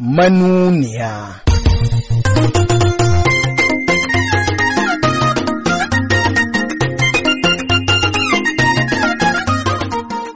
manuniya.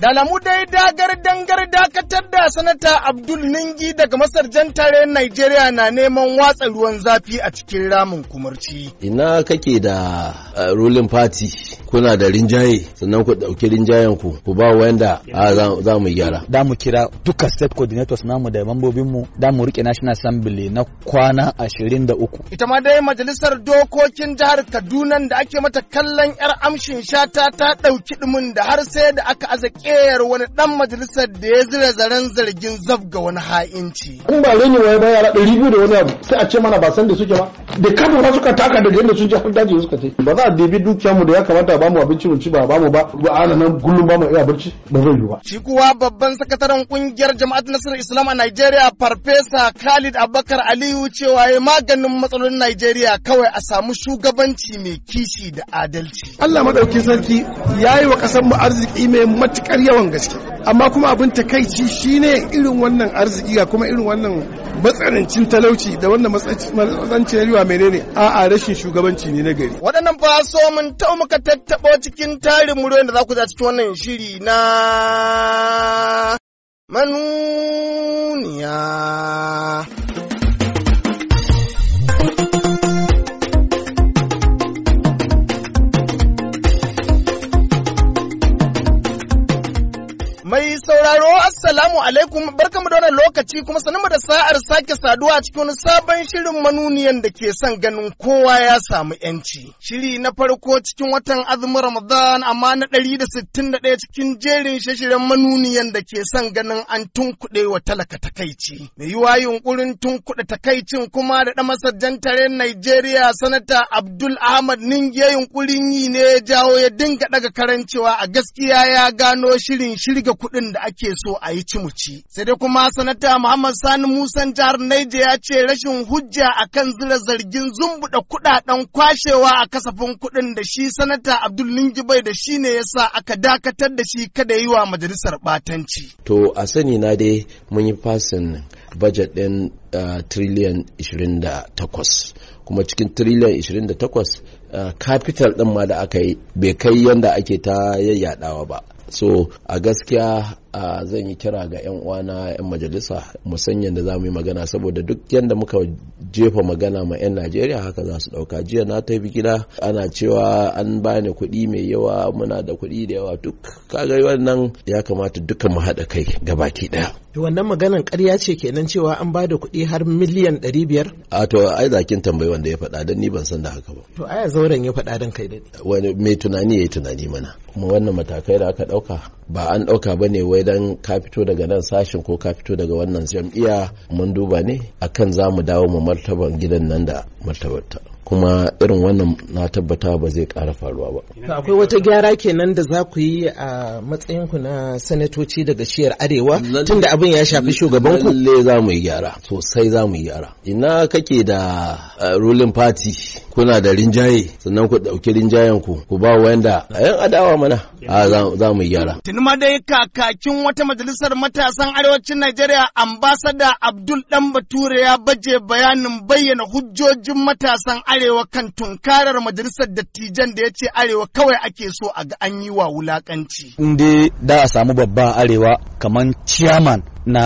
Da lamu dai dagar dangar dakatar da sanata Abdul Ningi daga masar jan tare Najeriya na neman watsa ruwan zafi a cikin ramin kumarci. Ina kake da uh, ruling party kuna da rinjaye sannan ku dauki rinjayen ku ku ba wanda a za mu gyara da mu kira duka state coordinators namu da mambobin mu da mu rike national assembly na kwana 23 ita ma dai majalisar dokokin jihar Kaduna da ake mata kallon yar amshin shata ta dauki dumin da har sai da aka aza kiyar wani dan majalisar da ya zira zaren zargin zabga wani ha'inci in ba rene wai ba yara 200 da wani abu sai a ce mana ba san da suke ba da kafa suka taka daga inda sun ji har daji suka ce ba za a debi mu da ya kamata Ba mu abinci mu ci ba bamu ba ba ana nan kullum mu iya barci ba zai yiwu ba shi kuwa babban sakataren kungiyar jama'atul nasarar islam a Najeriya farfesa Khalid Abubakar Aliyu cewa ya maganin matsalolin Najeriya kawai a samu shugabanci mai kishi da adalci Allah madaukin sarki ya yi wa kasar mu arziki mai matukar yawan gaske amma kuma abin takaici shine irin wannan arziki ga kuma irin wannan matsanancin talauci da wannan matsanancin ne menene a'a rashin shugabanci ne na gari waɗannan ba so mun tau muka tattaɓo cikin tarin muryoyin da za ku za cikin wannan shiri na manuniya alaikum barkamu da lokaci kuma sanin da sa'ar sake saduwa cikin sabon shirin manuniyan da ke son ganin kowa ya samu yanci. Shiri na farko cikin watan azumin Ramadan amma na ɗari da sittin da ɗaya cikin jerin shirin manuniyan da ke son ganin an tunkuɗe wa talaka takaici. Mai yiwa yunkurin tunkuɗe takaicin kuma da ɗan masajjantaren Najeriya sanata Abdul Ahmad Ningiya yunkurin yi ne ya jawo ya dinga ɗaga karancewa a gaskiya ya gano shirin shirga kuɗin da ake so a yi cimuci. Sai dai kuma sanata Minista Muhammad Sani Musa, jihar Naija ya ce rashin hujja akan zira zargin zumbuɗa kuɗaɗen kwashewa a kasafin kuɗin da shi sanata Abdul Lingibai da shi ne yasa aka dakatar da shi kada yi wa majalisar batanci. To a sani na dai mun yi fasin bajet ɗin triliyan 28 kuma cikin triliyan 28 capital ɗin ma da aka yi bai kai yadda ake ta yayyadawa ba. So a gaskiya a zan yi kira ga 'yan uwana 'yan majalisa musanyan da za mu yi magana saboda duk yadda muka jefa magana ma 'yan najeriya haka za su dauka jiya na ta bi gida ana cewa an bani kuɗi mai yawa muna da kuɗi da yawa duk kaga wannan ya kamata dukkan mu haɗa kai gabaki ɗaya wannan maganan ƙarya ce kenan cewa an ba da kuɗi har miliyan ɗari biyar a to ai zakin tambayi wanda ya faɗa don ni ban san da haka ba to aya zauren ya faɗa don kai dai wani mai tunani ya yi tunani mana kuma wannan matakai da aka ɗauka ba an ɗauka ba ne wai don ka fito daga nan sashen ko ka fito daga wannan jam'iyya mun duba ne akan za mu dawo mu martaban gidan nan da martabarta. kuma irin wannan na tabbata ba zai ƙara faruwa ba. akwai wata gyara kenan da za ku yi a matsayin ku na sanatoci daga shiyar arewa tunda abin ya shafi shugaban ku. Lalle za mu yi gyara sosai za mu yi gyara. Ina kake da uh, ruling party kuna da rinjaye sannan ku ɗauki rinjayen ku ku ba wanda a yan adawa mana a za mu yi gyara. Tuni ma dai kakakin wata majalisar matasan arewacin Najeriya ambasada Abdul Dan Bature ya baje bayanin bayyana hujjojin matasan arewa kan tunkarar majalisar dattijan da ya ce arewa kawai ake so a ga an yi wa wulakanci. In dai da a samu babban arewa kamar ciyaman na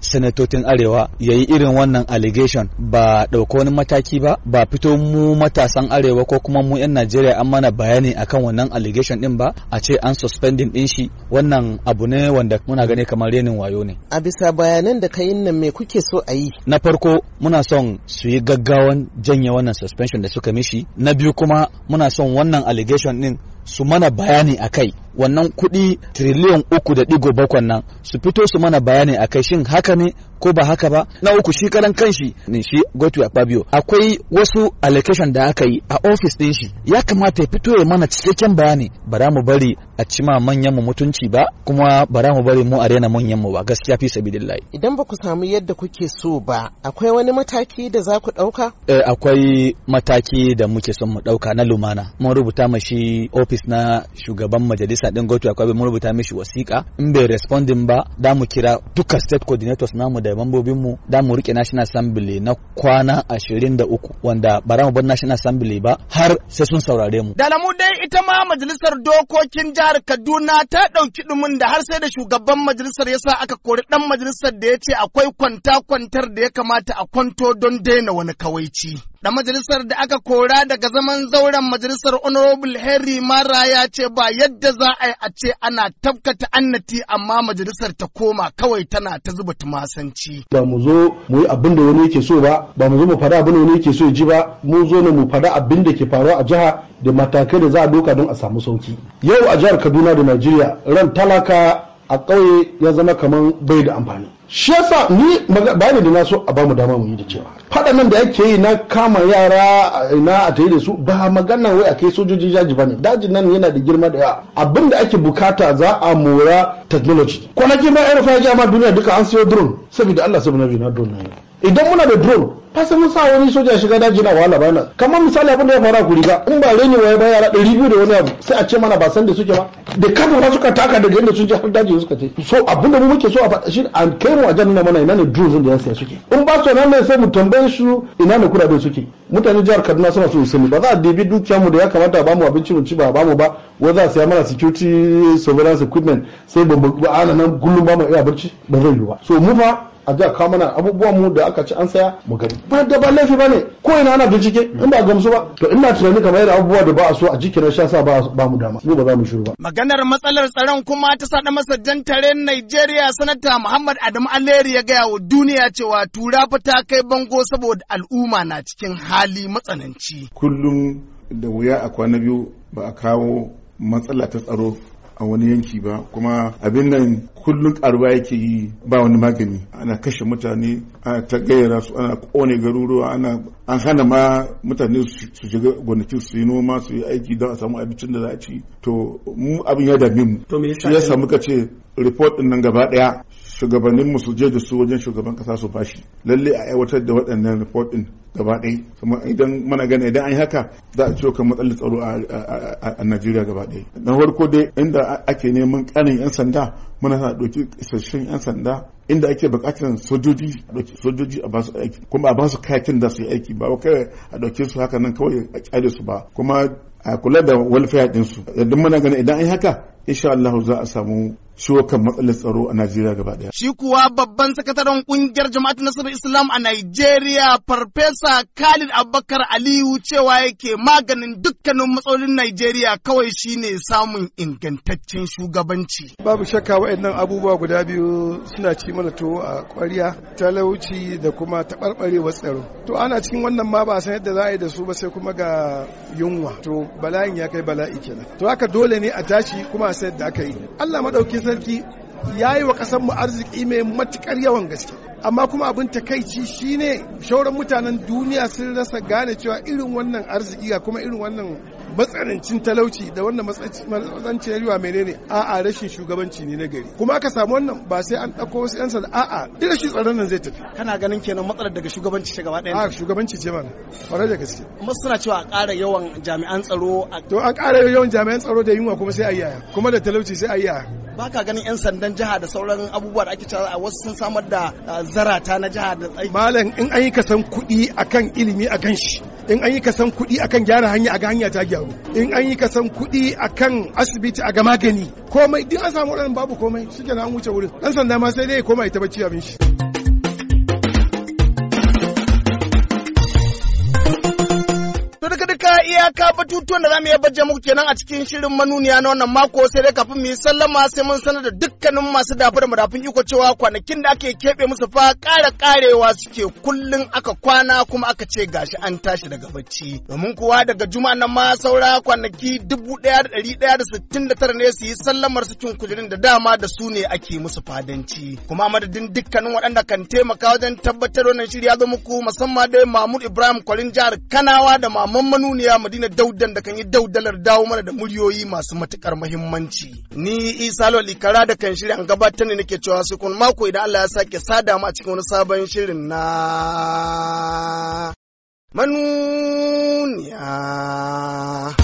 sanatocin arewa ya yi irin wannan allegation ba ɗauko wani mataki ba ba fito mu matasan arewa ko kuma mu 'yan najeriya an mana bayani akan wannan allegation din ba a ce an suspending din shi wannan abu ne wanda muna gani kamar renin wayo ne a bisa bayanan da ka yin nan me kuke so a yi na farko muna son su yi gaggawan janye wannan suspension da suka mishi na biyu kuma muna son wannan allegation din su mana bayani a kai wannan kuɗi triliyan uku da ɗigo bakwan nan su fito su mana bayani a kai shin haka ne ko ba haka ba na uku shi karan kanshi ne shi Gotu akwai wasu allocation da aka yi a ofis ɗin shi ya kamata ya fito ya mana cikakken bayani ba za mu bari a cima manyan mu mutunci ba kuma ba za mu bari mu a rena manyan mu ba gaskiya fi sabilillahi idan ba ku samu yadda kuke so ba akwai wani mataki da za ku ɗauka eh, akwai mataki da muke son mu ɗauka na lumana mun rubuta mashi ofis na shugaban majalisa na din Gotu akwai mun rubuta mishi wasiƙa in bai responding ba da mu kira duka state coordinators namu da mambobin mu da mu rike National Assembly na kwana 23 wanda ba mu bar National Assembly ba har sai sun saurare mu. dalamu dai ita ma majalisar dokokin jihar Kaduna ta ɗauki dumin da har sai da shugaban majalisar yasa aka kori ɗan majalisar da ya ce akwai kwanta kwantar da ya kamata a kwanto don daina wani kawaici. Da majalisar da aka kora daga zaman zauren majalisar Honorable Henry Mara ya ce ba yadda za a yi a ce ana tabkata annati amma majalisar ta koma kawai tana ta zuba tumasanci. Ba mu zo mu yi abin da wani yake so ba, ba mu zo mu faɗa abin da wani yake so ya ji ba, mu zo ne mu faɗa abin da ke faruwa a jiha da matakai da za a doka don a samu sauki. Yau a jihar Kaduna da Najeriya ran talaka a ƙauye ya zama kamar bai da amfani shi yasa ni bayani da na so a bamu dama mu yi da cewa faɗa nan da ake yi na kama yara na a tayi da su ba magana wai a kai sojoji jaji bane dajin nan yana da girma da yawa abin da ake bukata za a mora technology kwanaki ma irin ya ma duniya duka an siyo drone saboda Allah saboda nabi na drone idan muna da drone fasa mun sa wani soja shiga daji na wahala bana kamar misali abin da ya fara kuriga in ba reni waye ba yara ɗari biyu da wani abu sai a ce mana ba san da suke ba da kafa ba suka taka daga yadda sun je har daji suka ce so abin da mu muke so a faɗa shi an kai mu a jan nuna mana ina ne drone da ya suke in ba su nan ne sai mu tambaye su ina ne kuɗaɗen suke mutane jihar Kaduna suna so su ba za a dibi dukiyar mu da ya kamata ba mu abinci mu ci ba ba mu ba wai za a saya mana security surveillance equipment sai ba ana nan gullum ba mu iya barci ba zai yi ba so mu fa a ga kawo mana abubuwan mu da aka ci an saya mu gani ba da ba laifi bane ko ina ana bincike in ba gamsu ba to ina tunani kamar yadda abubuwa da ba a so a jikin sha sa ba mu dama mu ba za mu shiru ba maganar matsalar tsaron kuma ta sada masajjan tare Najeriya sanata Muhammad Adamu Aleri ya gaya wa duniya cewa tura fa ta kai bango saboda al'umma na cikin hali matsananci kullum da wuya a kwana biyu ba a kawo matsala ta tsaro a wani yanki ba kuma abin nan kullum karuwa yake yi ba wani magani ana kashe mutane ana ta gayyara su ana kone garuruwa ana an hana ma mutane su shiga gonakin su yi noma su yi aiki don a samu abincin da za a ci to mu abin ya dame mu shi ya samu ka ce report din nan gaba daya shugabannin mu su je da su wajen shugaban kasa su bashi lalle a aiwatar da waɗannan report din gaba ɗaya kuma idan mana gane idan an yi haka za a ciwo kan matsalar tsaro a Najeriya gaba ɗaya na farko dai inda ake neman ƙarin 'yan sanda muna sa ɗauki isasshen 'yan sanda inda ake buƙatar sojoji a ɗauki sojoji a basu aiki kuma a basu kayakin da su yi aiki ba kawai a ɗauke su haka nan kawai a kyale su ba kuma a kula da welfare ɗinsu idan muna gani idan an yi haka insha Allah za a samu shawo matsalar tsaro a Najeriya gaba daya. Shi kuwa babban sakataren kungiyar jama'at nasarar Islam a Najeriya Farfesa Khalid Abubakar Aliyu cewa yake maganin dukkanin matsalolin Najeriya kawai shine samun ingantaccen shugabanci. Babu shakka waɗannan abubuwa guda biyu suna ci mana to a ƙwariya talauci da kuma taɓarɓarewar tsaro. To ana cikin wannan ma ba san yadda za a yi da su ba sai kuma ga yunwa. To bala'in ya kai bala'i kenan. To haka dole ne a tashi kuma a san yadda aka yi. Allah madaukin sarki ya yi wa mu arziki mai matukar yawan gaske amma kuma abin takaici shine shauran mutanen duniya sun rasa gane cewa irin wannan arziki ga kuma irin wannan matsanancin talauci da wannan matsanancin yariwa menene a'a rashin shugabanci ne na gari kuma aka samu wannan ba sai an ɗauko wasu yan sanda a'a duk rashin tsaron nan zai tafi kana ganin kenan matsalar daga shugabanci ce gaba ɗaya a shugabanci ce mana kwarar da gaske kuma suna cewa a ƙara yawan jami'an tsaro to a ƙara yawan jami'an tsaro da yunwa kuma sai a yaya kuma da talauci sai a yaya ba ka ganin 'yan sandan jiha da sauran abubuwa da ake cewa a wasu sun samar da zarata na jiha da malam in an yi kasan kuɗi akan ilimi akan shi in an yi kasan kuɗi akan gyara hanya a ga hanya ta gyaru in an yi kasan kuɗi akan asibiti a ga magani komai duk an samu waɗannan babu komai shi an wuce wurin dan sanda ma sai dai komai koma ta bacci abin shi. iyaka batutuwan da za mu iya muku kenan a cikin shirin manuniya na wannan mako sai dai kafin mu yi sallama sai mun sanar da dukkanin masu dafa da madafin iko cewa kwanakin da ake keɓe musu fa ƙara ƙarewa suke kullum aka kwana kuma aka ce gashi an tashi daga bacci domin kuwa daga juma'a nan ma saura kwanaki dubu ɗaya da ɗari ɗaya da sittin da tara ne su yi sallamar cikin kujerun da dama da su ne ake musu fadanci kuma madadin dukkanin waɗanda kan taimaka wajen tabbatar wannan shirya zo muku musamman dai mamud Ibrahim Kwarin jihar Kanawa da Maman Manuniya madina daudan da kan yi daudalar dawo mana da muryoyi masu matukar muhimmanci. ni isa lawal kara da kan shirin gabatar ne nake cewa su kun mako idan Allah ya sake sada mu a cikin wani sabon shirin na manuniya